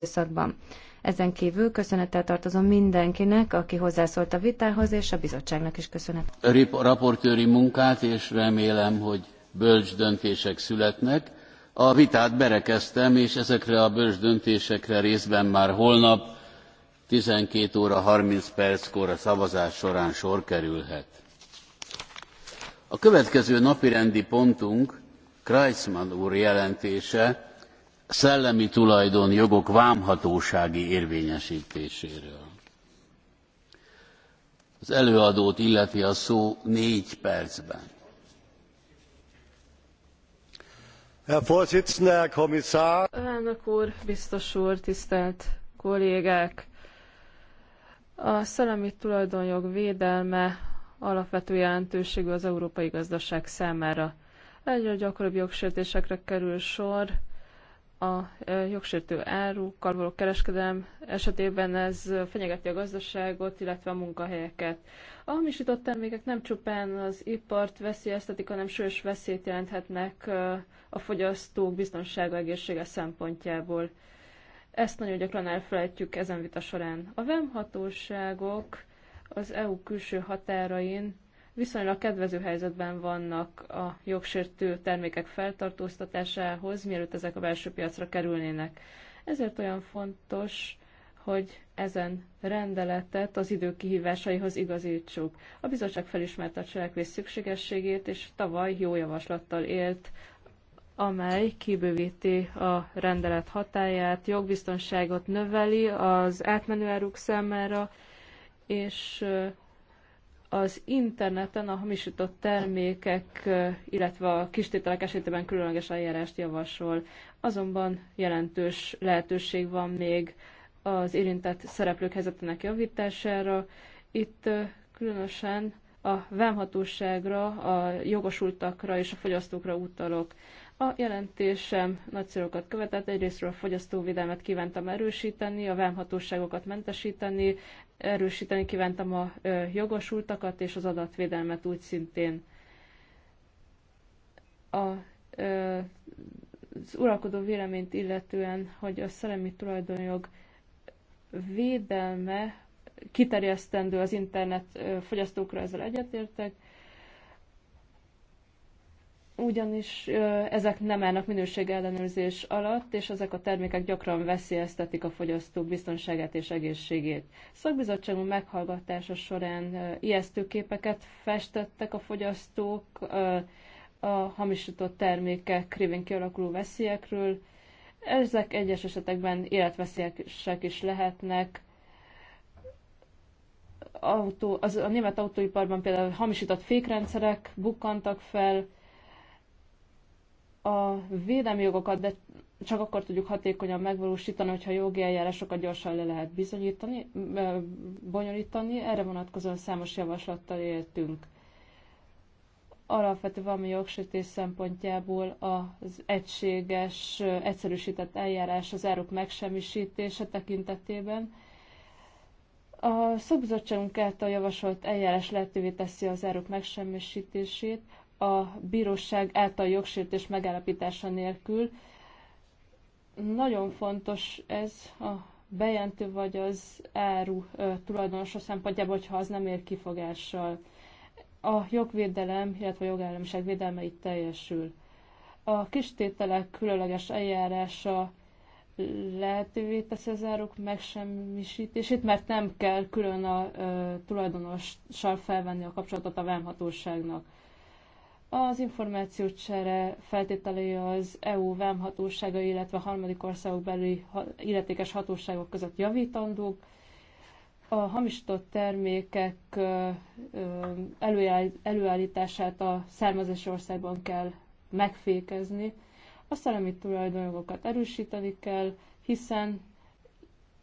időszakban. Ezen kívül köszönettel tartozom mindenkinek, aki hozzászólt a vitához, és a bizottságnak is köszönet. A raportőri munkát, és remélem, hogy bölcs döntések születnek. A vitát berekeztem, és ezekre a bölcs döntésekre részben már holnap 12 óra 30 perckor a szavazás során sor kerülhet. A következő napirendi pontunk Kreisman úr jelentése, szellemi jogok vámhatósági érvényesítéséről. Az előadót illeti a szó négy percben. Herr Vorsitzender, Herr Kommissar! Elnök úr, biztos úr, tisztelt kollégák! A szellemi tulajdonjog védelme alapvető jelentőségű az európai gazdaság számára. Egyre gyakoribb jogsértésekre kerül sor, a jogsértő árukkal való kereskedelem esetében ez fenyegeti a gazdaságot, illetve a munkahelyeket. A hamisított termékek nem csupán az ipart veszélyeztetik, hanem sős veszélyt jelenthetnek a fogyasztók biztonsága egészsége szempontjából. Ezt nagyon gyakran elfelejtjük ezen vita során. A VEM hatóságok az EU külső határain viszonylag kedvező helyzetben vannak a jogsértő termékek feltartóztatásához, mielőtt ezek a belső piacra kerülnének. Ezért olyan fontos, hogy ezen rendeletet az idő kihívásaihoz igazítsuk. A bizottság felismerte a cselekvés szükségességét, és tavaly jó javaslattal élt, amely kibővíti a rendelet hatáját, jogbiztonságot növeli az átmenő áruk számára, és az interneten a hamisított termékek, illetve a kistételek esetében különleges eljárást javasol. Azonban jelentős lehetőség van még az érintett szereplők helyzetének javítására. Itt különösen a vámhatóságra, a jogosultakra és a fogyasztókra utalok. A jelentésem nagy célokat követett, egyrésztről a fogyasztóvédelmet kívántam erősíteni, a vámhatóságokat mentesíteni, erősíteni kívántam a jogosultakat és az adatvédelmet úgy szintén. A, az uralkodó véleményt illetően, hogy a szellemi tulajdonjog védelme kiterjesztendő az internet fogyasztókra, ezzel egyetértek, ugyanis ezek nem állnak minőség ellenőrzés alatt, és ezek a termékek gyakran veszélyeztetik a fogyasztók biztonságát és egészségét. Szakbizottságunk meghallgatása során ijesztő képeket festettek a fogyasztók a hamisított termékek révén kialakuló veszélyekről. Ezek egyes esetekben életveszélyesek is lehetnek, Autó, az, a német autóiparban például hamisított fékrendszerek bukkantak fel, a védelmi jogokat, de csak akkor tudjuk hatékonyan megvalósítani, hogyha jogi eljárásokat gyorsan le lehet bizonyítani, bonyolítani. Erre vonatkozóan számos javaslattal éltünk. Alapvető valami jogsértés szempontjából az egységes, egyszerűsített eljárás az áruk megsemmisítése tekintetében. A szakbizottságunk által javasolt eljárás lehetővé teszi az áruk megsemmisítését, a bíróság által jogsértés megállapítása nélkül. Nagyon fontos ez a bejelentő vagy az áru tulajdonosa szempontjából, hogyha az nem ér kifogással. A jogvédelem, illetve a jogállamiság védelme itt teljesül. A kistételek különleges eljárása lehetővé teszi az áruk megsemmisítését, mert nem kell külön a ö, tulajdonossal felvenni a kapcsolatot a vámhatóságnak. Az információcsere feltételei az EU vámhatósága, illetve a harmadik országok belüli illetékes hatóságok között javítandók. A hamisított termékek előállítását a származási országban kell megfékezni. A szellemi tulajdonjogokat erősíteni kell, hiszen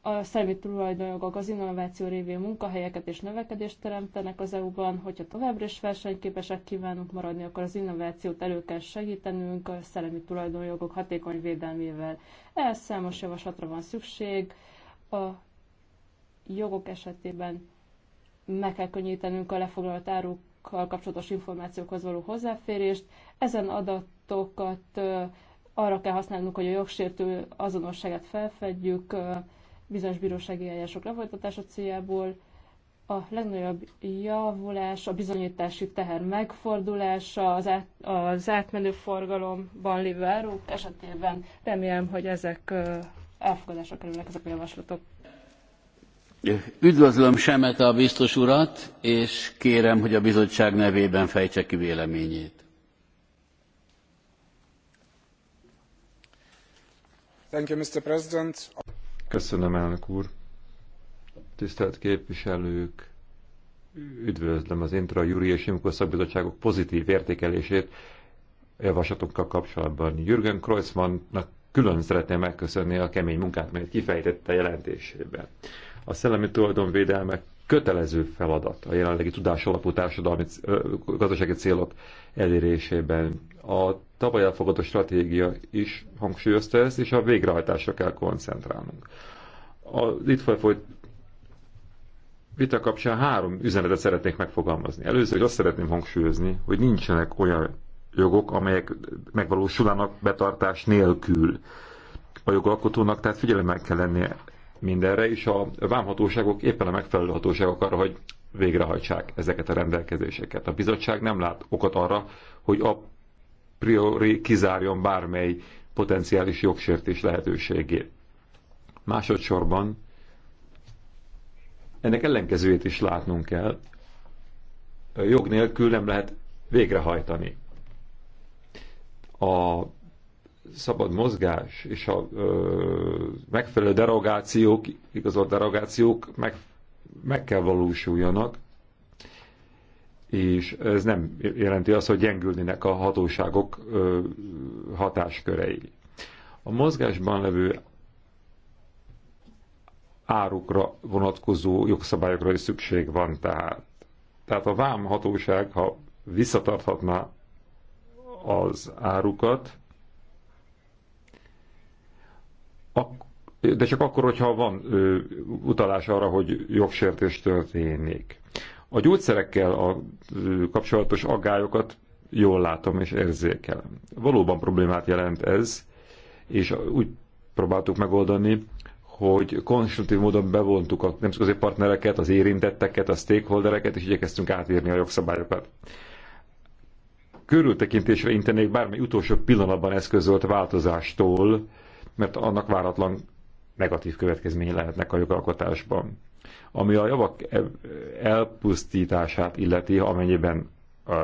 a személy tulajdonjogok az innováció révén munkahelyeket és növekedést teremtenek az EU-ban, hogyha továbbra is versenyképesek kívánunk maradni, akkor az innovációt elő kell segítenünk a szellemi tulajdonjogok hatékony védelmével. Ehhez számos javaslatra van szükség, a jogok esetében meg kell könnyítenünk a lefoglalt árukkal kapcsolatos információkhoz való hozzáférést, ezen adatokat arra kell használnunk, hogy a jogsértő azonosságát felfedjük, bizonyos bírósági eljárások lefolytatása céljából. A legnagyobb javulás, a bizonyítási teher megfordulása, az, át, az átmenő forgalomban lévő áruk esetében remélem, hogy ezek elfogadásra kerülnek ezek a javaslatok. Üdvözlöm Semet a biztos urat, és kérem, hogy a bizottság nevében fejtse ki véleményét. You, Köszönöm, elnök úr. Tisztelt képviselők, üdvözlöm az Intra, Júri és Imko szakbizottságok pozitív értékelését javaslatunkkal kapcsolatban. Jürgen Kreuzmannnak külön szeretném megköszönni a kemény munkát, mert kifejtette a jelentésében. A szellemi tulajdonvédelmek kötelező feladat a jelenlegi tudásalapú társadalmi gazdasági célok elérésében. A tavaly elfogadó stratégia is hangsúlyozta ezt, és a végrehajtásra kell koncentrálnunk. A itt folyt vita kapcsán három üzenetet szeretnék megfogalmazni. Először is azt szeretném hangsúlyozni, hogy nincsenek olyan jogok, amelyek megvalósulnak betartás nélkül a jogalkotónak, tehát figyelemmel kell lennie mindenre, és a vámhatóságok éppen a megfelelő hatóságok arra, hogy végrehajtsák ezeket a rendelkezéseket. A bizottság nem lát okot arra, hogy a priori kizárjon bármely potenciális jogsértés lehetőségét. Másodszorban ennek ellenkezőjét is látnunk kell. A jog nélkül nem lehet végrehajtani. A szabad mozgás és a ö, megfelelő derogációk, igazolt derogációk meg, meg kell valósuljanak, és ez nem jelenti azt, hogy gyengülnének a hatóságok hatáskörei. A mozgásban levő árukra vonatkozó jogszabályokra is szükség van tehát. Tehát a vámhatóság, ha visszatarthatna az árukat, de csak akkor, hogyha van utalás arra, hogy jogsértés történik. A gyógyszerekkel a kapcsolatos aggályokat jól látom és érzékelem. Valóban problémát jelent ez, és úgy próbáltuk megoldani, hogy konstruktív módon bevontuk a nemzetközi partnereket, az érintetteket, a stakeholdereket, és igyekeztünk átírni a jogszabályokat. Körültekintésre intenék bármely utolsó pillanatban eszközölt változástól, mert annak váratlan negatív következménye lehetnek a jogalkotásban. Ami a javak e- elpusztítását illeti, amennyiben a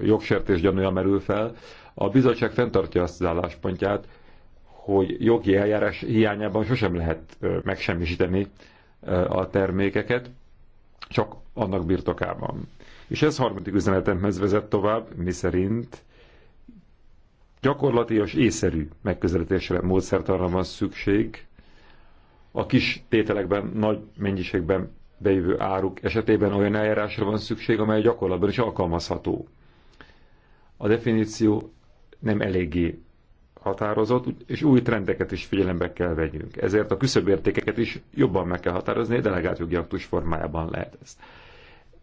jogsértés gyanúja merül fel, a bizottság fenntartja azt az álláspontját, hogy jogi eljárás hiányában sosem lehet megsemmisíteni a termékeket, csak annak birtokában. És ez harmadik üzenetemhez vezet tovább, miszerint gyakorlati és észszerű megközelítésre, módszertanra van szükség, a kis tételekben, nagy mennyiségben bejövő áruk esetében olyan eljárásra van szükség, amely gyakorlatban is alkalmazható. A definíció nem eléggé határozott, és új trendeket is figyelembe kell vegyünk. Ezért a küszöbértékeket is jobban meg kell határozni, delegált jogi aktus formájában lehet ezt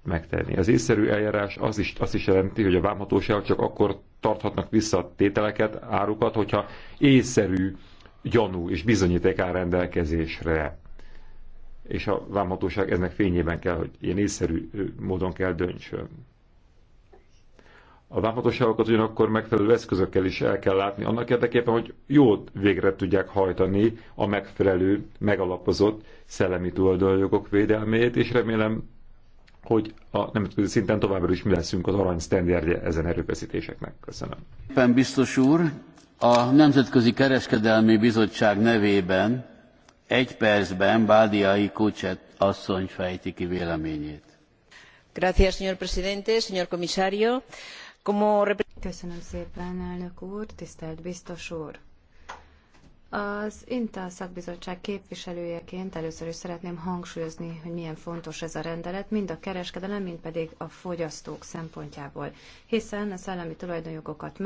megtenni. Az észszerű eljárás az is, azt is jelenti, hogy a vámhatóság csak akkor tarthatnak vissza tételeket, árukat, hogyha észszerű gyanú és bizonyíték áll rendelkezésre. És a vámhatóság ennek fényében kell, hogy ilyen észszerű módon kell döntsön. A vámhatóságokat ugyanakkor megfelelő eszközökkel is el kell látni, annak érdekében, hogy jót végre tudják hajtani a megfelelő, megalapozott szellemi tulajdonjogok védelmét, és remélem hogy a nemzetközi szinten továbbra is mi leszünk az arany sztenderdje ezen erőfeszítéseknek. Köszönöm. Éppen biztos úr, a Nemzetközi Kereskedelmi Bizottság nevében egy percben Bádiai Kucset asszony fejti ki véleményét. Gracias, señor presidente, señor comisario. Como... Köszönöm szépen, elnök úr, tisztelt biztos úr. Az INTA szakbizottság képviselőjeként először is szeretném hangsúlyozni, hogy milyen fontos ez a rendelet, mind a kereskedelem, mind pedig a fogyasztók szempontjából, hiszen a szellemi tulajdonjogokat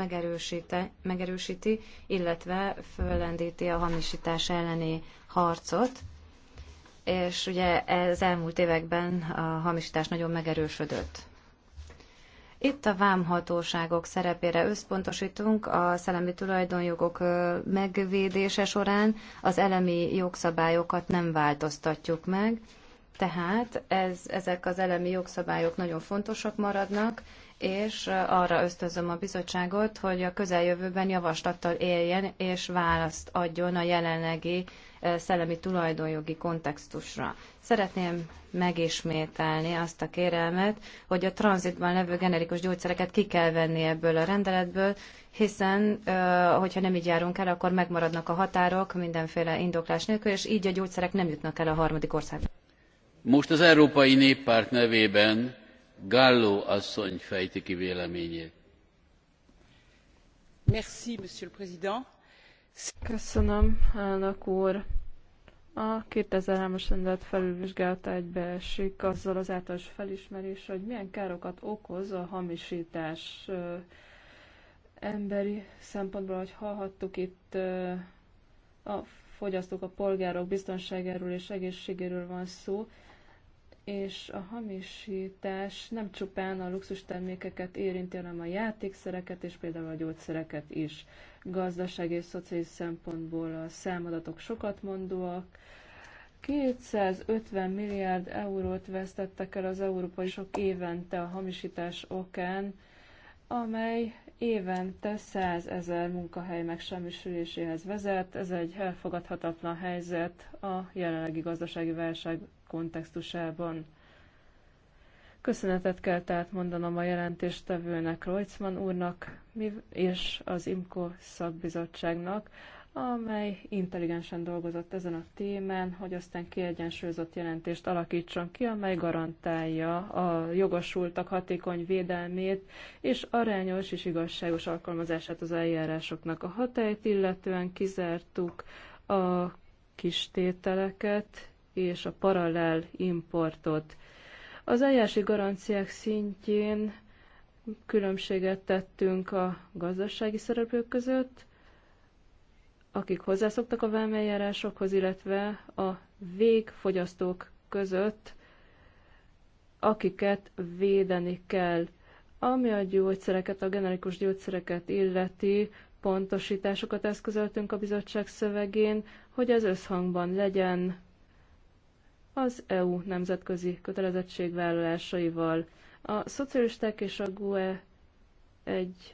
megerősíti, illetve föllendíti a hamisítás elleni harcot, és ugye ez elmúlt években a hamisítás nagyon megerősödött. Itt a vámhatóságok szerepére összpontosítunk a szellemi tulajdonjogok megvédése során, az elemi jogszabályokat nem változtatjuk meg, tehát ez, ezek az elemi jogszabályok nagyon fontosak maradnak, és arra ösztözöm a bizottságot, hogy a közeljövőben javaslattal éljen és választ adjon a jelenlegi szellemi tulajdonjogi kontextusra. Szeretném megismételni azt a kérelmet, hogy a tranzitban levő generikus gyógyszereket ki kell venni ebből a rendeletből, hiszen hogyha nem így járunk el, akkor megmaradnak a határok mindenféle indoklás nélkül, és így a gyógyszerek nem jutnak el a harmadik országba. Most az Európai Néppárt nevében Gallo asszony fejti ki véleményét. Merci, Monsieur le Président Köszönöm, elnök úr. A 2003-as rendelet felülvizsgálta egybeesik azzal az általános felismerés, hogy milyen károkat okoz a hamisítás emberi szempontból, hogy hallhattuk itt a fogyasztók, a polgárok biztonságáról és egészségéről van szó, és a hamisítás nem csupán a luxustermékeket érinti, hanem a játékszereket és például a gyógyszereket is. Gazdasági és szociális szempontból a számadatok sokat mondóak. 250 milliárd eurót vesztettek el az európai sok évente a hamisítás okán, amely évente 100 ezer munkahely megsemmisüléséhez vezet. Ez egy elfogadhatatlan helyzet a jelenlegi gazdasági válság kontextusában. Köszönetet kell tehát mondanom a jelentéstevőnek, Reutzmann úrnak és az IMKO szakbizottságnak, amely intelligensen dolgozott ezen a témán, hogy aztán kiegyensúlyozott jelentést alakítson ki, amely garantálja a jogosultak hatékony védelmét és arányos és igazságos alkalmazását az eljárásoknak. A hatályt illetően kizártuk a kis tételeket, és a paralel importot. Az eljárási garanciák szintjén különbséget tettünk a gazdasági szereplők között, akik hozzászoktak a vámeljárásokhoz, illetve a végfogyasztók között, akiket védeni kell. Ami a gyógyszereket, a generikus gyógyszereket illeti, pontosításokat eszközöltünk a bizottság szövegén, hogy ez összhangban legyen az EU nemzetközi kötelezettségvállalásaival. A szocialisták és a GUE egy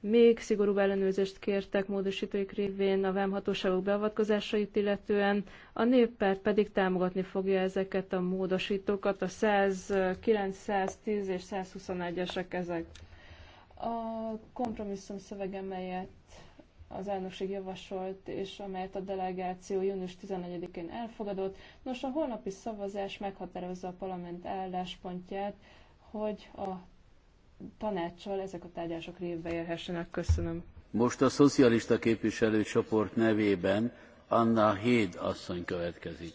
még szigorúbb ellenőrzést kértek módosítóik révén a vámhatóságok beavatkozásait illetően, a néppárt pedig támogatni fogja ezeket a módosítókat, a 109, 110 és 121-esek ezek. A kompromisszum szövege, melyet az elnökség javasolt, és amelyet a delegáció június 11-én elfogadott. Nos, a holnapi szavazás meghatározza a parlament álláspontját, hogy a tanácssal ezek a tárgyások révbe érhessenek. Köszönöm. Most a szocialista képviselőcsoport nevében Anna Héd asszony következik.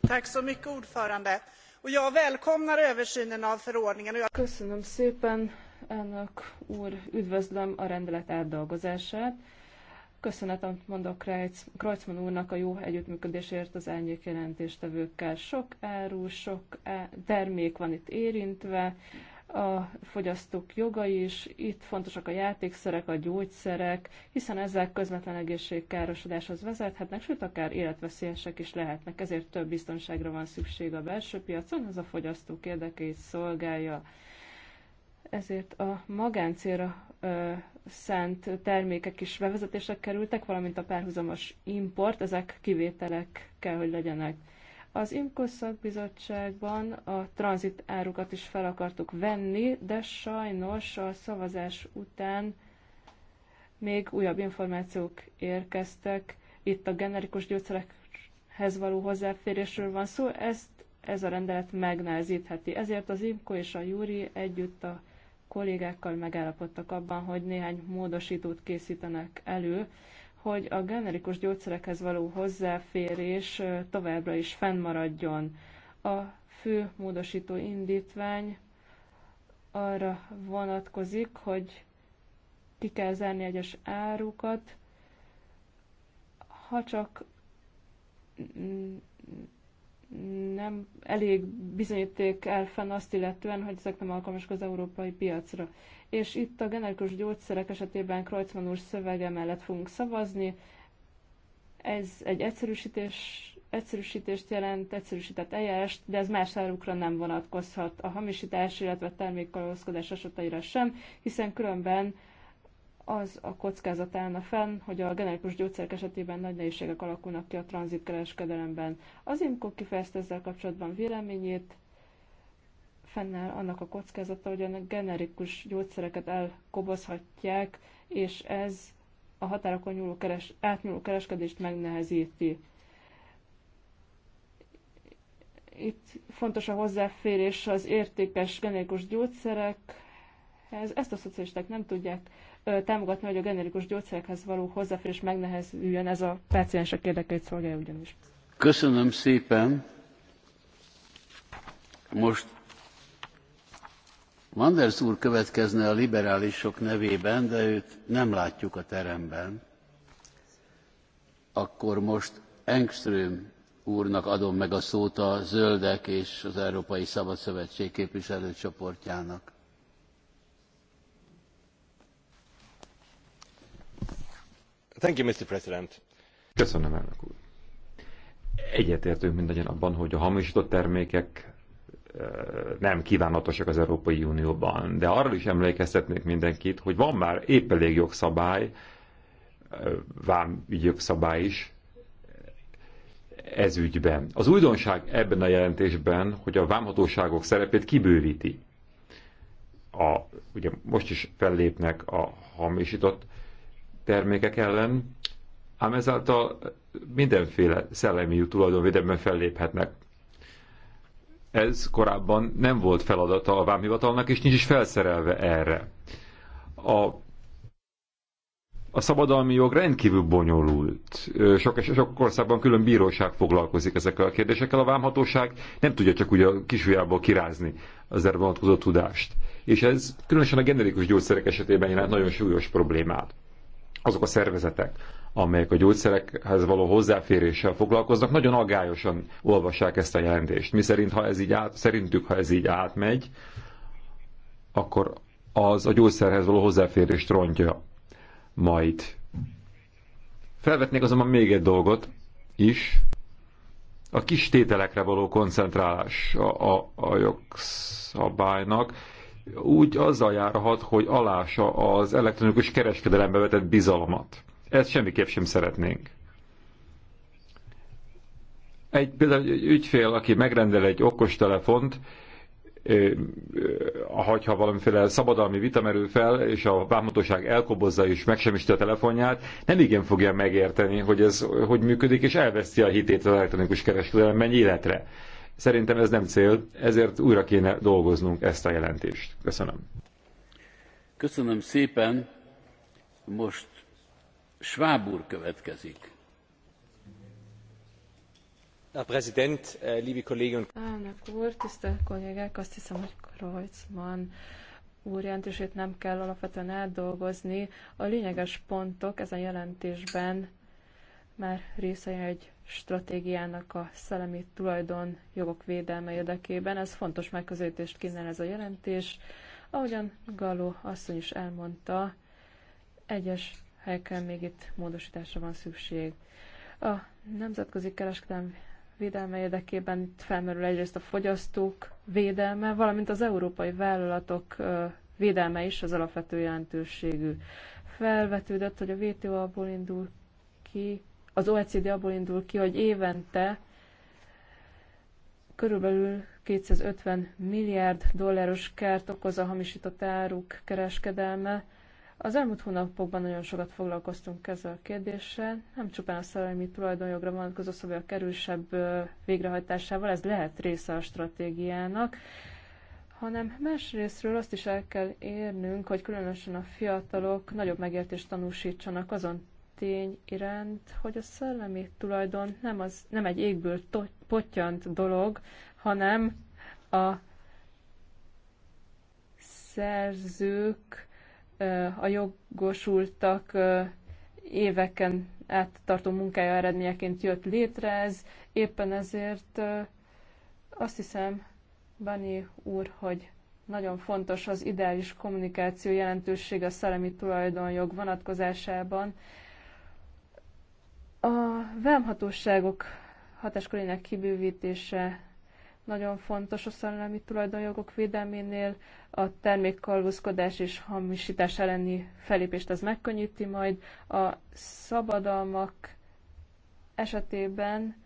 Tack så mycket ordförande. Och jag välkomnar översynen av förordningen. Köszönöm szépen, elnök úr, üdvözlöm a rendelet átdolgozását. Köszönetet mondok Kreutzmann úrnak a jó együttműködésért az elnyék jelentéstevőkkel. Sok áru, sok termék van itt érintve, a fogyasztók jogai is, itt fontosak a játékszerek, a gyógyszerek, hiszen ezek közvetlen egészségkárosodáshoz vezethetnek, sőt akár életveszélyesek is lehetnek, ezért több biztonságra van szükség a belső piacon, az a fogyasztók érdekeit szolgálja ezért a magáncélra szánt termékek is bevezetésre kerültek, valamint a párhuzamos import, ezek kivételek kell, hogy legyenek. Az Imkosszak bizottságban a tranzit árukat is fel akartuk venni, de sajnos a szavazás után még újabb információk érkeztek. Itt a generikus gyógyszerekhez való hozzáférésről van szó, ezt ez a rendelet megnehezítheti. Ezért az Imko és a Júri együtt a kollégákkal megállapodtak abban, hogy néhány módosítót készítenek elő, hogy a generikus gyógyszerekhez való hozzáférés továbbra is fennmaradjon. A fő módosító indítvány arra vonatkozik, hogy ki kell zárni egyes árukat, ha csak nem elég bizonyíték el fenn azt illetően, hogy ezek nem alkalmasak az európai piacra. És itt a generikus gyógyszerek esetében Kreutzmann úr szövege mellett fogunk szavazni. Ez egy egyszerűsítés, egyszerűsítést jelent, egyszerűsített eljárást, de ez más árukra nem vonatkozhat a hamisítás, illetve termékkalózkodás esetére sem, hiszen különben az a kockázat állna fenn, hogy a generikus gyógyszerek esetében nagy nehézségek alakulnak ki a tranzitkereskedelemben. Az IMCO kifejezte ezzel kapcsolatban véleményét, fennáll annak a kockázata, hogy a generikus gyógyszereket elkobozhatják, és ez a határokon nyúló keres, átnyúló kereskedést megnehezíti. Itt fontos a hozzáférés az értékes generikus gyógyszerekhez, ezt a szocialisták nem tudják támogatni, hogy a generikus gyógyszerekhez való hozzáférés megnehezüljön, ez a páciensek érdekeit szolgálja ugyanis. Köszönöm szépen. Most Manders úr következne a liberálisok nevében, de őt nem látjuk a teremben. Akkor most Engström úrnak adom meg a szót a Zöldek és az Európai Szabadszövetség képviselőcsoportjának. Köszönöm, elnök úr. Egyetértünk mindannyian abban, hogy a hamisított termékek nem kívánatosak az Európai Unióban. De arra is emlékeztetnék mindenkit, hogy van már épp elég jogszabály, vám jogszabály is ez ügyben. Az újdonság ebben a jelentésben, hogy a vámhatóságok szerepét kibővíti. A, ugye most is fellépnek a hamisított termékek ellen, ám ezáltal mindenféle szellemi tulajdonvédelemben felléphetnek. Ez korábban nem volt feladata a vámhivatalnak, és nincs is felszerelve erre. A, a szabadalmi jog rendkívül bonyolult. Sok, sok országban külön bíróság foglalkozik ezekkel a kérdésekkel. A vámhatóság nem tudja csak úgy a kisujjából kirázni az erre vonatkozó tudást. És ez különösen a generikus gyógyszerek esetében jelent nagyon súlyos problémát azok a szervezetek, amelyek a gyógyszerekhez való hozzáféréssel foglalkoznak, nagyon aggályosan olvassák ezt a jelentést. Mi szerint, ha ez így át, szerintük, ha ez így átmegy, akkor az a gyógyszerhez való hozzáférést rontja majd. Felvetnék azonban még egy dolgot is, a kis tételekre való koncentrálás a, a, a jogszabálynak úgy azzal járhat, hogy alása az elektronikus kereskedelembe vetett bizalmat. Ezt semmiképp sem szeretnénk. Egy, például egy ügyfél, aki megrendel egy okostelefont, ha valamiféle szabadalmi vita merül fel, és a vámhatóság elkobozza és megsemmisíti a telefonját, nem igen fogja megérteni, hogy ez hogy működik, és elveszti a hitét az elektronikus kereskedelemben életre. Szerintem ez nem cél, ezért újra kéne dolgoznunk ezt a jelentést. Köszönöm. Köszönöm szépen. Most Schwab úr következik. A prezident, äh, liebe Kolleginnen und Elnök úr, tisztelt kollégák, azt hiszem, hogy Kreuzmann úr jelentését nem kell alapvetően eldolgozni. A lényeges pontok ezen jelentésben már része egy stratégiának a szellemi tulajdon jogok védelme érdekében. Ez fontos megközelítést kínál ez a jelentés. Ahogyan Galó asszony is elmondta, egyes helyeken még itt módosításra van szükség. A nemzetközi kereskedelem védelme érdekében itt felmerül egyrészt a fogyasztók védelme, valamint az európai vállalatok védelme is az alapvető jelentőségű. Felvetődött, hogy a WTO abból indul ki, az OECD abból indul ki, hogy évente körülbelül 250 milliárd dolláros kárt okoz a hamisított áruk kereskedelme. Az elmúlt hónapokban nagyon sokat foglalkoztunk ezzel a kérdéssel, nem csupán a szellemi tulajdonjogra vonatkozó szabályok erősebb végrehajtásával, ez lehet része a stratégiának, hanem másrésztről azt is el kell érnünk, hogy különösen a fiatalok nagyobb megértést tanúsítsanak azon tény iránt, hogy a szellemi tulajdon nem, az, nem egy égből potyant dolog, hanem a szerzők, a jogosultak éveken át tartó munkája eredményeként jött létre ez. Éppen ezért azt hiszem, Bani úr, hogy nagyon fontos az ideális kommunikáció jelentősége a szellemi tulajdonjog vonatkozásában, vámhatóságok hatáskörének kibővítése nagyon fontos a szellemi tulajdonjogok védelménél, a termékkalózkodás és hamisítás elleni felépést az megkönnyíti majd, a szabadalmak esetében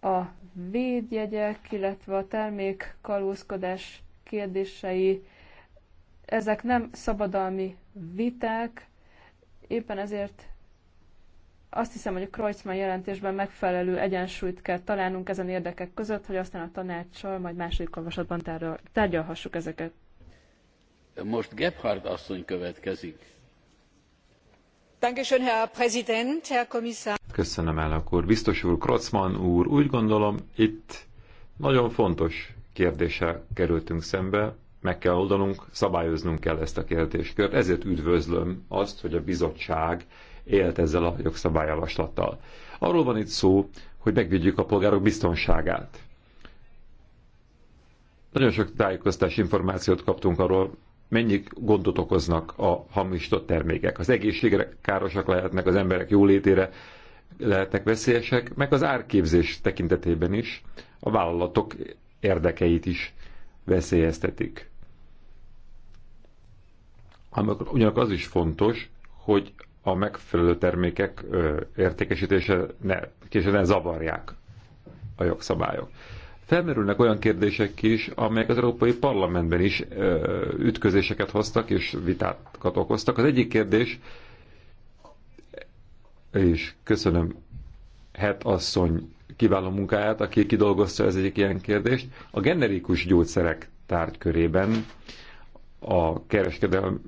a védjegyek, illetve a termékkalózkodás kérdései, ezek nem szabadalmi viták, éppen ezért azt hiszem, hogy a Kreuzmann jelentésben megfelelő egyensúlyt kell találnunk ezen érdekek között, hogy aztán a tanácssal majd második olvasatban tárgyalhassuk ezeket. Most Gebhardt asszony következik. Dankeschön, Herr Präsident, Herr Kommissar. Köszönöm, elnök úr. Biztos úr, Krocman úr, úgy gondolom, itt nagyon fontos kérdéssel kerültünk szembe, meg kell oldanunk, szabályoznunk kell ezt a kérdéskört. Ezért üdvözlöm azt, hogy a bizottság élt ezzel a jogszabályjavaslattal. Arról van itt szó, hogy megvédjük a polgárok biztonságát. Nagyon sok tájékoztás információt kaptunk arról, mennyi gondot okoznak a hamisított termékek. Az egészségre károsak lehetnek, az emberek jólétére lehetnek veszélyesek, meg az árképzés tekintetében is a vállalatok érdekeit is veszélyeztetik. Amikor, ugyanakkor az is fontos, hogy a megfelelő termékek értékesítése ne, később ne zavarják a jogszabályok. Felmerülnek olyan kérdések is, amelyek az Európai Parlamentben is ütközéseket hoztak és vitákat okoztak. Az egyik kérdés, és köszönöm Het asszony kiváló munkáját, aki kidolgozta ez egyik ilyen kérdést, a generikus gyógyszerek tárgykörében a kereskedelem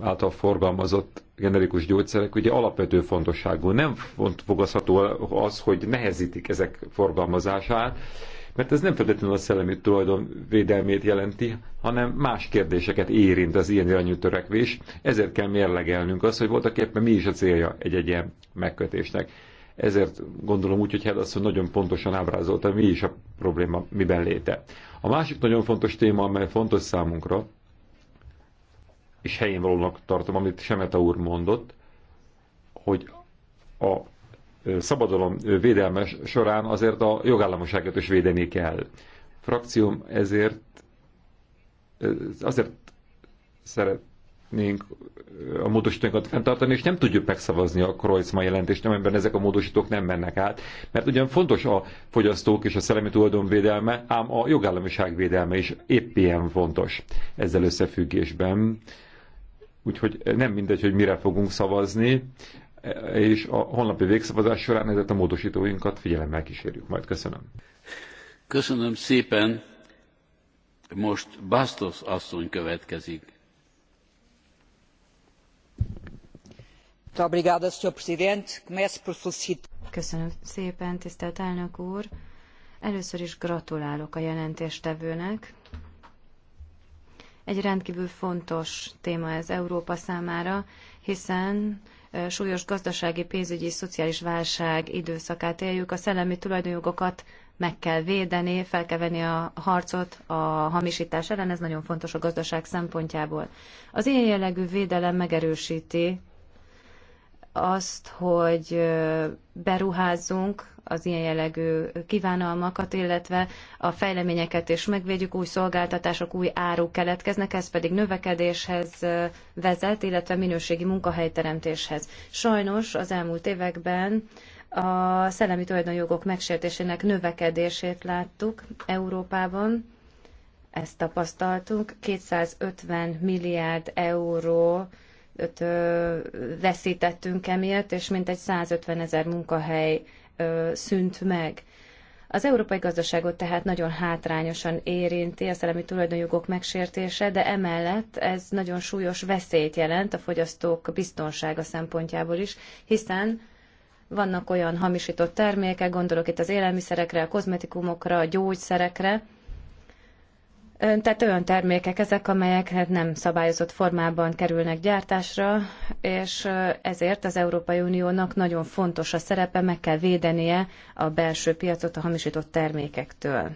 által forgalmazott generikus gyógyszerek ugye alapvető fontosságú. Nem font fogaszható az, hogy nehezítik ezek forgalmazását, mert ez nem feltétlenül a szellemi tulajdon védelmét jelenti, hanem más kérdéseket érint az ilyen irányú törekvés. Ezért kell mérlegelnünk azt, hogy voltak éppen mi is a célja egy-egy ilyen megkötésnek. Ezért gondolom úgy, hogy Hedasszony nagyon pontosan ábrázolta, mi is a probléma, miben léte. A másik nagyon fontos téma, amely fontos számunkra, és helyén valónak tartom, amit Semeta úr mondott, hogy a szabadalom védelme során azért a jogállamoságot is védeni kell. Frakcióm ezért azért szeretnénk a módosítókat fenntartani, és nem tudjuk megszavazni a Kreuzma jelentést, amiben ezek a módosítók nem mennek át, mert ugyan fontos a fogyasztók és a szellemi tulajdonvédelme, ám a jogállamiság védelme is épp ilyen fontos ezzel összefüggésben úgyhogy nem mindegy, hogy mire fogunk szavazni, és a honlapi végszavazás során ezeket a módosítóinkat figyelemmel kísérjük. Majd köszönöm. Köszönöm szépen. Most Bastos asszony következik. Köszönöm szépen, tisztelt elnök úr! Először is gratulálok a jelentéstevőnek, egy rendkívül fontos téma ez Európa számára, hiszen súlyos gazdasági, pénzügyi, szociális válság időszakát éljük. A szellemi tulajdonjogokat meg kell védeni, fel kell venni a harcot a hamisítás ellen, ez nagyon fontos a gazdaság szempontjából. Az ilyen jellegű védelem megerősíti azt, hogy beruházzunk az ilyen jellegű kívánalmakat, illetve a fejleményeket és megvédjük, új szolgáltatások, új áruk keletkeznek, ez pedig növekedéshez vezet, illetve minőségi munkahelyteremtéshez. Sajnos az elmúlt években a szellemi tulajdonjogok megsértésének növekedését láttuk Európában, ezt tapasztaltunk, 250 milliárd euró veszítettünk emiatt, és mintegy 150 ezer munkahely szűnt meg. Az európai gazdaságot tehát nagyon hátrányosan érinti a szellemi tulajdonjogok megsértése, de emellett ez nagyon súlyos veszélyt jelent a fogyasztók biztonsága szempontjából is, hiszen vannak olyan hamisított termékek, gondolok itt az élelmiszerekre, a kozmetikumokra, a gyógyszerekre, tehát olyan termékek ezek, amelyek hát nem szabályozott formában kerülnek gyártásra, és ezért az Európai Uniónak nagyon fontos a szerepe, meg kell védenie a belső piacot a hamisított termékektől.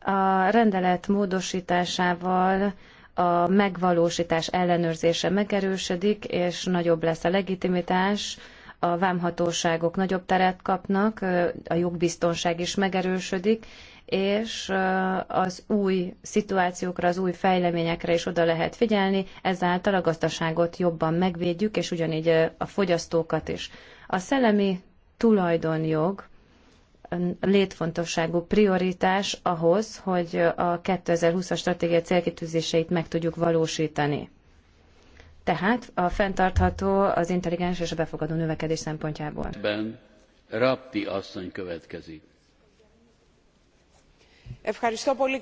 A rendelet módosításával a megvalósítás ellenőrzése megerősödik, és nagyobb lesz a legitimitás, a vámhatóságok nagyobb teret kapnak, a jogbiztonság is megerősödik, és az új szituációkra, az új fejleményekre is oda lehet figyelni, ezáltal a gazdaságot jobban megvédjük, és ugyanígy a fogyasztókat is. A szellemi tulajdonjog létfontosságú prioritás ahhoz, hogy a 2020-as stratégia célkitűzéseit meg tudjuk valósítani. Tehát a fenntartható, az intelligens és a befogadó növekedés szempontjából. Ebben Rapti asszony következik. Köszönöm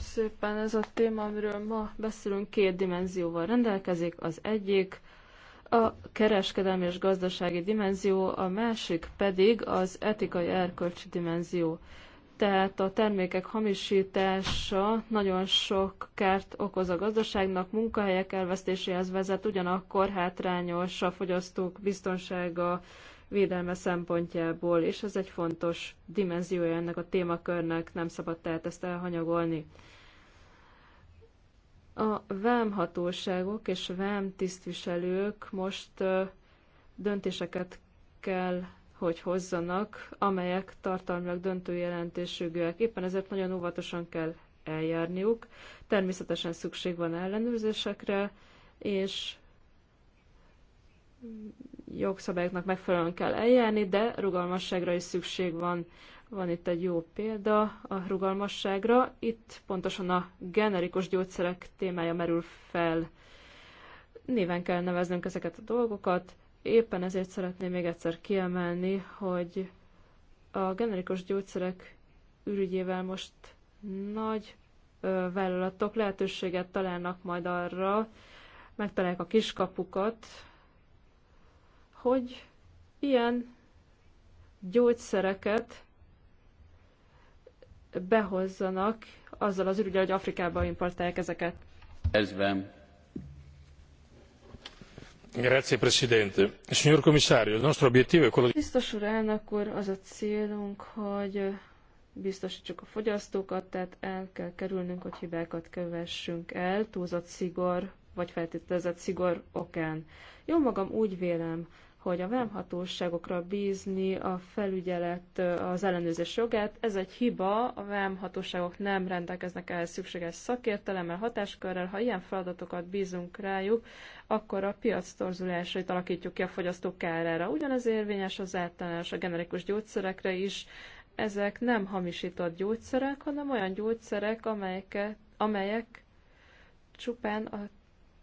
szépen. Ez a téma, amiről ma beszélünk, két dimenzióval rendelkezik. Az egyik a kereskedelmi és gazdasági dimenzió, a másik pedig az etikai erkölcsi dimenzió. Tehát a termékek hamisítása nagyon sok kárt okoz a gazdaságnak, munkahelyek elvesztéséhez vezet, ugyanakkor hátrányos a fogyasztók biztonsága, védelme szempontjából, és ez egy fontos dimenziója ennek a témakörnek, nem szabad tehát ezt elhanyagolni. A vámhatóságok és tisztviselők most döntéseket kell, hogy hozzanak, amelyek tartalmilag döntő jelentőségűek. Éppen ezért nagyon óvatosan kell eljárniuk. Természetesen szükség van ellenőrzésekre, és jogszabályoknak megfelelően kell eljárni, de rugalmasságra is szükség van. Van itt egy jó példa a rugalmasságra. Itt pontosan a generikus gyógyszerek témája merül fel. Néven kell neveznünk ezeket a dolgokat. Éppen ezért szeretném még egyszer kiemelni, hogy a generikus gyógyszerek ürügyével most nagy ö, vállalatok lehetőséget találnak majd arra, megtalálják a kiskapukat, hogy ilyen gyógyszereket behozzanak azzal az ürügyel, hogy Afrikába importálják ezeket. van. Grazie Presidente. Signor Commissario, il nostro obiettivo è quello di... Biztos úr, elnök úr, az a célunk, hogy biztosítsuk a fogyasztókat, tehát el kell kerülnünk, hogy hibákat kövessünk el túlzott szigor vagy feltételezett szigor okán. Jó magam úgy vélem, hogy a vámhatóságokra bízni a felügyelet az ellenőrzés jogát. Ez egy hiba, a vámhatóságok nem rendelkeznek el szükséges szakértelemmel, hatáskörrel. Ha ilyen feladatokat bízunk rájuk, akkor a piac torzulásait alakítjuk ki a fogyasztók kárára. Ugyanez érvényes az általános a generikus gyógyszerekre is. Ezek nem hamisított gyógyszerek, hanem olyan gyógyszerek, amelyeket, amelyek csupán a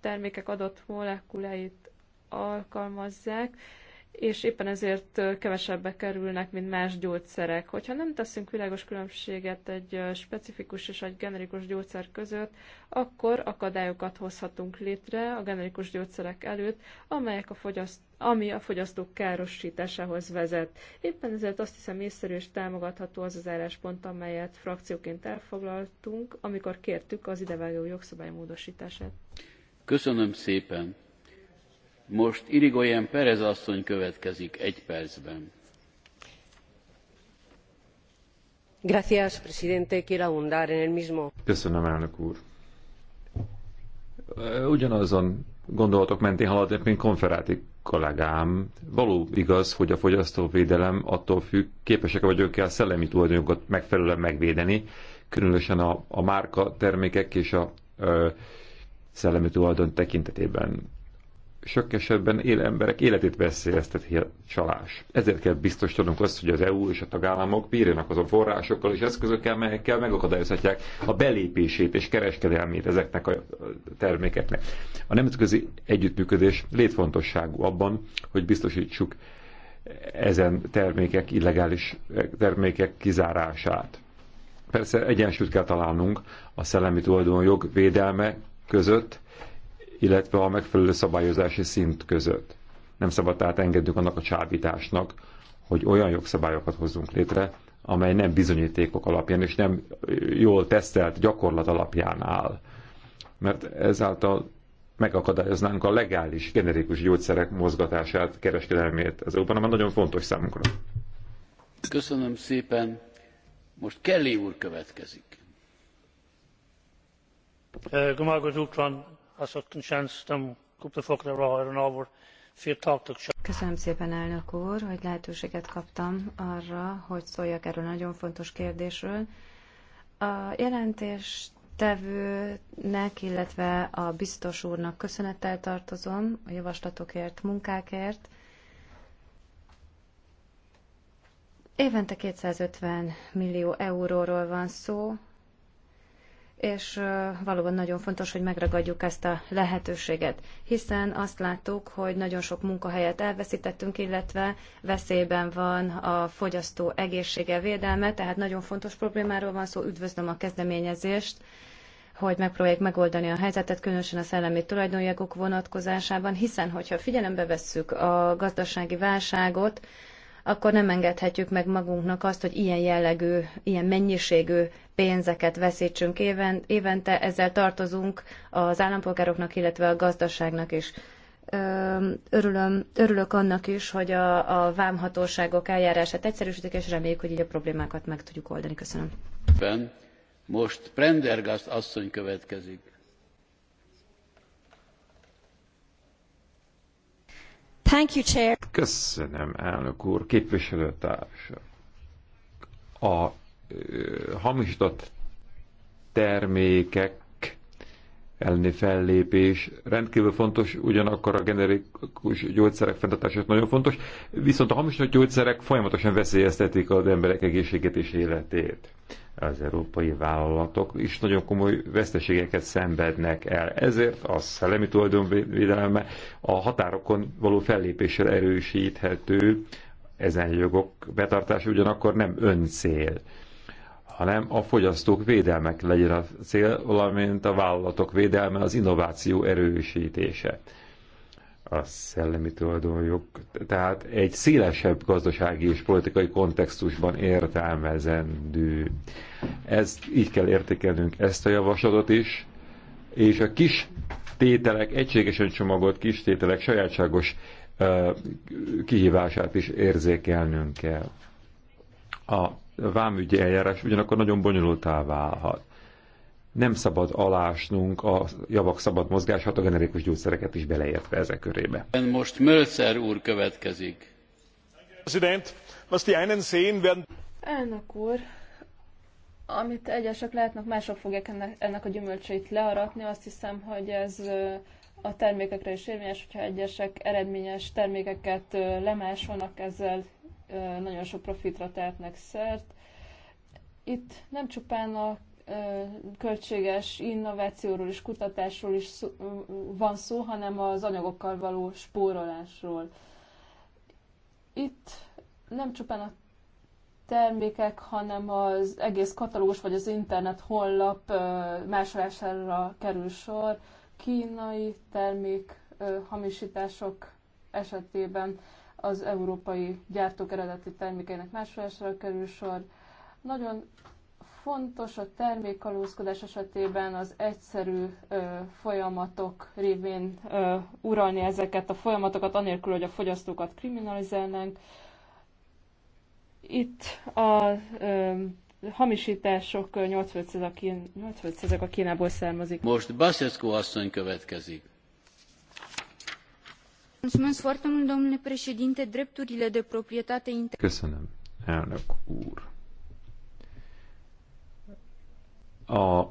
termékek adott molekuláit alkalmazzák, és éppen ezért kevesebbe kerülnek, mint más gyógyszerek. Hogyha nem teszünk világos különbséget egy specifikus és egy generikus gyógyszer között, akkor akadályokat hozhatunk létre a generikus gyógyszerek előtt, amelyek a fogyaszt, ami a fogyasztók károsításához vezet. Éppen ezért azt hiszem észszerű és támogatható az az álláspont, amelyet frakcióként elfoglaltunk, amikor kértük az idevágó jogszabály módosítását. Köszönöm szépen! Most Irigoyen Perez asszony következik egy percben. Gracias, presidente. Quiero abundar en el mismo. Köszönöm, elnök úr. Ugyanazon gondolatok mentén haladnék, mint konferáti kollégám. Való igaz, hogy a fogyasztóvédelem attól függ, képesek vagyok-e a szellemi tulajdonokat megfelelően megvédeni, különösen a, a márka termékek és a szellemi tulajdon tekintetében sok esetben él emberek életét veszélyezteti a csalás. Ezért kell biztosítanunk azt, hogy az EU és a tagállamok bírjanak azon forrásokkal és eszközökkel, melyekkel megakadályozhatják a belépését és kereskedelmét ezeknek a termékeknek. A nemzetközi együttműködés létfontosságú abban, hogy biztosítsuk ezen termékek illegális termékek kizárását. Persze egyensúlyt kell találnunk a szellemi tulajdonjog védelme között, illetve a megfelelő szabályozási szint között. Nem szabad tehát engednünk annak a csábításnak, hogy olyan jogszabályokat hozzunk létre, amely nem bizonyítékok alapján és nem jól tesztelt gyakorlat alapján áll. Mert ezáltal megakadályoznánk a legális generikus gyógyszerek mozgatását, kereskedelmét. Ez eu nagyon fontos számunkra. Köszönöm szépen. Most Kelly úr következik. Eh, Köszönöm szépen, elnök úr, hogy lehetőséget kaptam arra, hogy szóljak erről nagyon fontos kérdésről. A jelentés illetve a biztos úrnak köszönettel tartozom a javaslatokért, munkákért. Évente fifty millió euróról van szó, és valóban nagyon fontos, hogy megragadjuk ezt a lehetőséget, hiszen azt láttuk, hogy nagyon sok munkahelyet elveszítettünk, illetve veszélyben van a fogyasztó egészsége védelme, tehát nagyon fontos problémáról van szó, üdvözlöm a kezdeményezést, hogy megpróbáljuk megoldani a helyzetet, különösen a szellemi tulajdonjogok vonatkozásában, hiszen hogyha figyelembe vesszük a gazdasági válságot, akkor nem engedhetjük meg magunknak azt, hogy ilyen jellegű, ilyen mennyiségű pénzeket veszítsünk évente, ezzel tartozunk az állampolgároknak, illetve a gazdaságnak is. Örülöm, örülök annak is, hogy a, a vámhatóságok eljárását egyszerűsítik, és reméljük, hogy így a problémákat meg tudjuk oldani. Köszönöm. Ben, most Prendergast asszony következik. Thank you, Chair. Köszönöm, elnök úr, képviselőtársak. A hamisított termékek elleni fellépés rendkívül fontos, ugyanakkor a generikus gyógyszerek fenntartása nagyon fontos, viszont a hamisított gyógyszerek folyamatosan veszélyeztetik az emberek egészségét és életét. Az európai vállalatok is nagyon komoly veszteségeket szenvednek el. Ezért a szellemi tulajdonvédelme a határokon való fellépéssel erősíthető, ezen jogok betartása ugyanakkor nem öncél hanem a fogyasztók védelmek legyen a cél, valamint a vállalatok védelme, az innováció erősítése. A szellemi tulajdonjog, tehát egy szélesebb gazdasági és politikai kontextusban értelmezendő. Ez, így kell értékelnünk ezt a javaslatot is, és a kis tételek, egységesen csomagolt kis tételek sajátságos uh, kihívását is érzékelnünk kell. A vámügyi eljárás ugyanakkor nagyon bonyolultá válhat. Nem szabad alásnunk a javak szabad mozgását, a generikus gyógyszereket is beleértve ezek körébe. Most Mölcer úr következik. President, Elnök úr, amit egyesek látnak, mások fogják ennek, ennek a gyümölcsét learatni. Azt hiszem, hogy ez a termékekre is érvényes, hogyha egyesek eredményes termékeket lemásolnak ezzel nagyon sok profitra tehetnek szert. Itt nem csupán a költséges innovációról és kutatásról is van szó, hanem az anyagokkal való spórolásról. Itt nem csupán a termékek, hanem az egész katalógus vagy az internet honlap másolására kerül sor. Kínai termék hamisítások esetében az európai gyártók eredeti termékeinek másolásra kerül sor. Nagyon fontos a termékkalózkodás esetében az egyszerű ö, folyamatok révén ö, uralni ezeket a folyamatokat, anélkül, hogy a fogyasztókat kriminalizálnánk. Itt a ö, hamisítások 85%-a Kín, 85 Kínából származik. Most Baszeszkó asszony következik drepturile de proprietate intelectuală. A,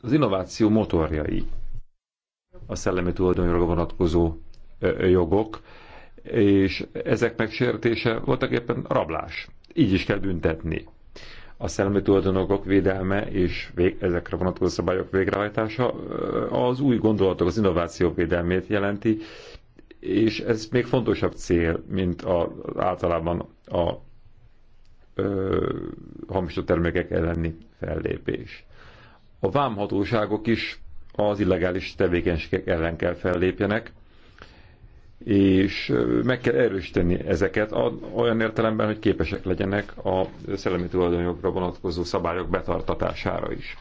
az innováció motorjai a szellemi tulajdonjogra vonatkozó jogok, és ezek megsértése voltak éppen rablás. Így is kell büntetni a szellemi tulajdonokok védelme és vég, ezekre vonatkozó szabályok végrehajtása az új gondolatok, az innovációk védelmét jelenti, és ez még fontosabb cél, mint a, általában a ö, hamisított termékek elleni fellépés. A vámhatóságok is az illegális tevékenységek ellen kell fellépjenek, és meg kell erősíteni ezeket olyan értelemben, hogy képesek legyenek a szellemi tulajdonjogra vonatkozó szabályok betartatására is.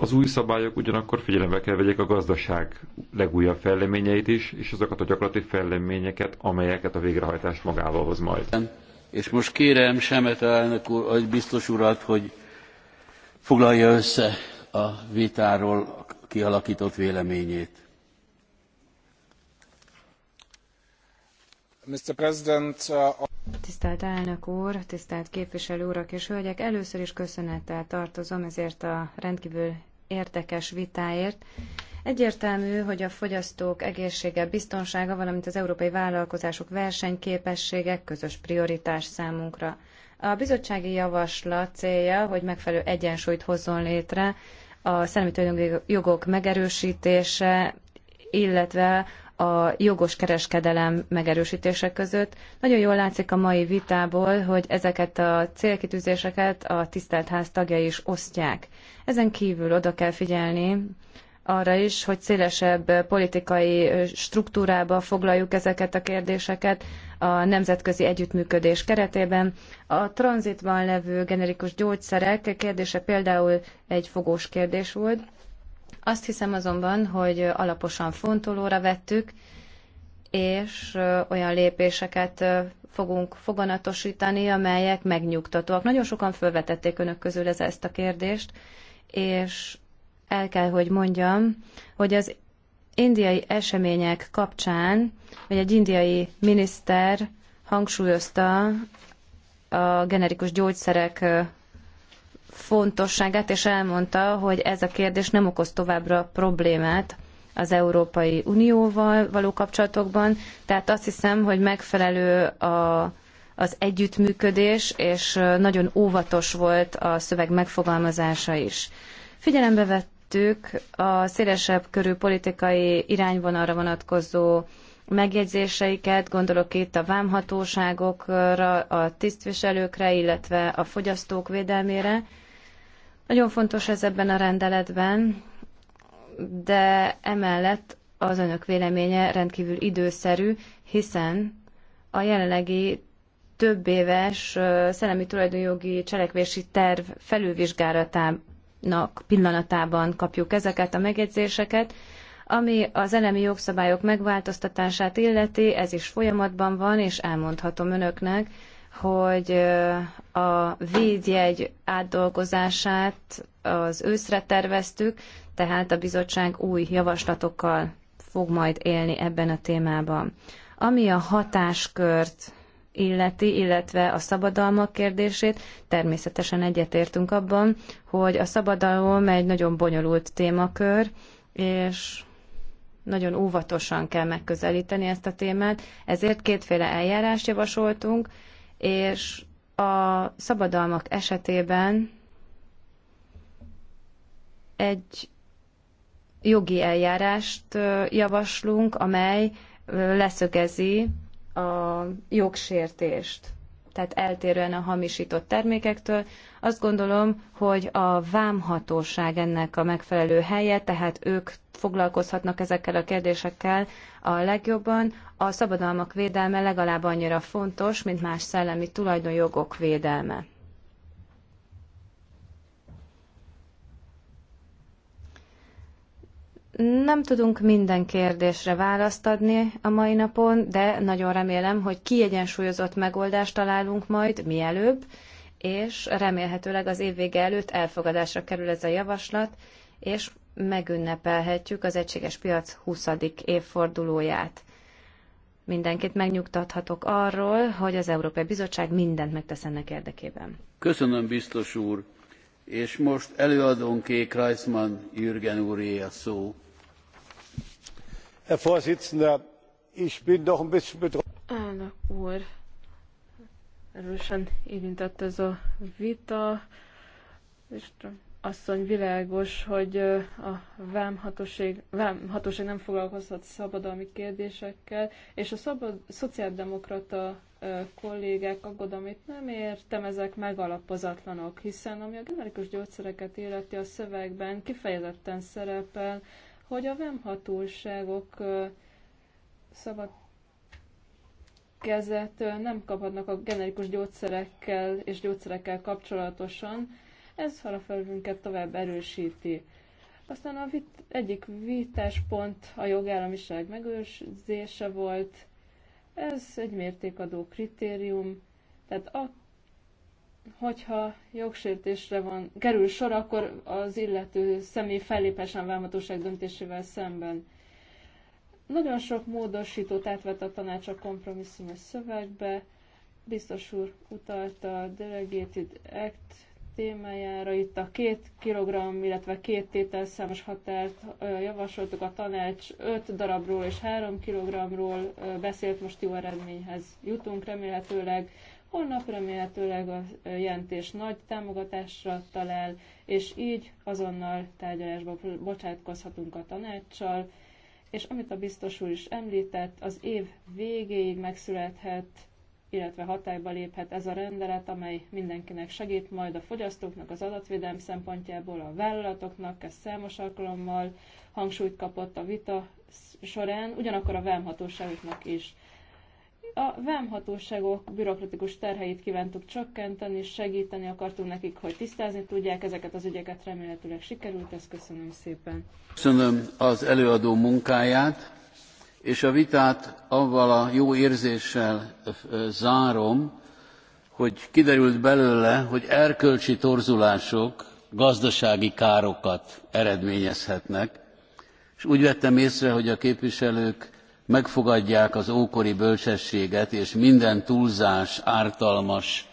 Az új szabályok ugyanakkor figyelembe kell vegyék a gazdaság legújabb fejleményeit is, és azokat a gyakorlati fejleményeket, amelyeket a végrehajtás magával hoz majd. És most kérem Semete elnök úr, hogy biztos urat, hogy foglalja össze a vitáról kialakított véleményét. Mr. President, uh, Tisztelt elnök úr, tisztelt képviselő urak és hölgyek, először is köszönettel tartozom ezért a rendkívül érdekes vitáért. Egyértelmű, hogy a fogyasztók egészsége, biztonsága, valamint az európai vállalkozások versenyképessége közös prioritás számunkra. A bizottsági javaslat célja, hogy megfelelő egyensúlyt hozzon létre a szellemi jogok megerősítése, illetve a jogos kereskedelem megerősítése között. Nagyon jól látszik a mai vitából, hogy ezeket a célkitűzéseket a tisztelt ház tagjai is osztják. Ezen kívül oda kell figyelni arra is, hogy szélesebb politikai struktúrába foglaljuk ezeket a kérdéseket a nemzetközi együttműködés keretében. A tranzitban levő generikus gyógyszerek kérdése például egy fogós kérdés volt azt hiszem azonban, hogy alaposan fontolóra vettük, és olyan lépéseket fogunk foganatosítani, amelyek megnyugtatóak. Nagyon sokan felvetették önök közül ez, ezt a kérdést, és el kell, hogy mondjam, hogy az indiai események kapcsán, vagy egy indiai miniszter hangsúlyozta a generikus gyógyszerek fontosságát, és elmondta, hogy ez a kérdés nem okoz továbbra problémát az Európai Unióval való kapcsolatokban, tehát azt hiszem, hogy megfelelő a, az együttműködés, és nagyon óvatos volt a szöveg megfogalmazása is. Figyelembe vettük a szélesebb körű politikai irányvonalra vonatkozó megjegyzéseiket, gondolok itt a vámhatóságokra, a tisztviselőkre, illetve a fogyasztók védelmére. Nagyon fontos ez ebben a rendeletben, de emellett az önök véleménye rendkívül időszerű, hiszen a jelenlegi több éves szellemi tulajdonjogi cselekvési terv felülvizsgálatának pillanatában kapjuk ezeket a megjegyzéseket, ami az elemi jogszabályok megváltoztatását illeti, ez is folyamatban van, és elmondhatom önöknek, hogy a védjegy átdolgozását az őszre terveztük, tehát a bizottság új javaslatokkal fog majd élni ebben a témában. Ami a hatáskört illeti, illetve a szabadalmak kérdését, természetesen egyetértünk abban, hogy a szabadalom egy nagyon bonyolult témakör, és nagyon óvatosan kell megközelíteni ezt a témát, ezért kétféle eljárást javasoltunk, és a szabadalmak esetében egy jogi eljárást javaslunk, amely leszögezi a jogsértést tehát eltérően a hamisított termékektől. Azt gondolom, hogy a vámhatóság ennek a megfelelő helye, tehát ők foglalkozhatnak ezekkel a kérdésekkel a legjobban. A szabadalmak védelme legalább annyira fontos, mint más szellemi tulajdonjogok védelme. Nem tudunk minden kérdésre választ adni a mai napon, de nagyon remélem, hogy kiegyensúlyozott megoldást találunk majd mielőbb, és remélhetőleg az év vége előtt elfogadásra kerül ez a javaslat, és megünnepelhetjük az egységes piac 20. évfordulóját. Mindenkit megnyugtathatok arról, hogy az Európai Bizottság mindent megtesz ennek érdekében. Köszönöm, biztos úr! És most előadónké Kreisman Jürgen úré a szó herr präsident! ich bin doch ein bisschen betroffen. elnök úr erősen érintett ez a vita és asszony világos hogy a vámhatóság, nem foglalkozhat szabadalmi kérdésekkel és a szabad, szociáldemokrata kollégák aggodalmait nem értem, ezek megalapozatlanok, hiszen ami a generikus gyógyszereket illeti a szövegben kifejezetten szerepel hogy a VEM hatóságok szabad kezet nem kaphatnak a generikus gyógyszerekkel és gyógyszerekkel kapcsolatosan, ez halafelvünket tovább erősíti. Aztán a vit, egyik vitáspont a jogállamiság megőrzése volt, ez egy mértékadó kritérium, tehát a hogyha jogsértésre van, kerül sor, akkor az illető személy fellépesen vámhatóság döntésével szemben. Nagyon sok módosítót átvett a tanács a kompromisszumos szövegbe, biztos úr utalta a Delegated Act témájára, itt a két kilogramm, illetve két tételszámos határt javasoltuk, a tanács öt darabról és három kilogramról beszélt, most jó eredményhez jutunk remélhetőleg, Holnap remélhetőleg a jelentés nagy támogatásra talál, és így azonnal tárgyalásba bocsátkozhatunk a tanácssal, és amit a biztos úr is említett, az év végéig megszülethet, illetve hatályba léphet ez a rendelet, amely mindenkinek segít majd a fogyasztóknak, az adatvédelem szempontjából, a vállalatoknak, ez számos alkalommal hangsúlyt kapott a vita során, ugyanakkor a vámhatóságoknak is. A vámhatóságok bürokratikus terheit kívántuk csökkenteni, segíteni akartunk nekik, hogy tisztázni tudják ezeket az ügyeket, remélhetőleg sikerült, ezt köszönöm szépen. Köszönöm az előadó munkáját, és a vitát avval a jó érzéssel zárom, hogy kiderült belőle, hogy erkölcsi torzulások gazdasági károkat eredményezhetnek, és úgy vettem észre, hogy a képviselők megfogadják az ókori bölcsességet, és minden túlzás, ártalmas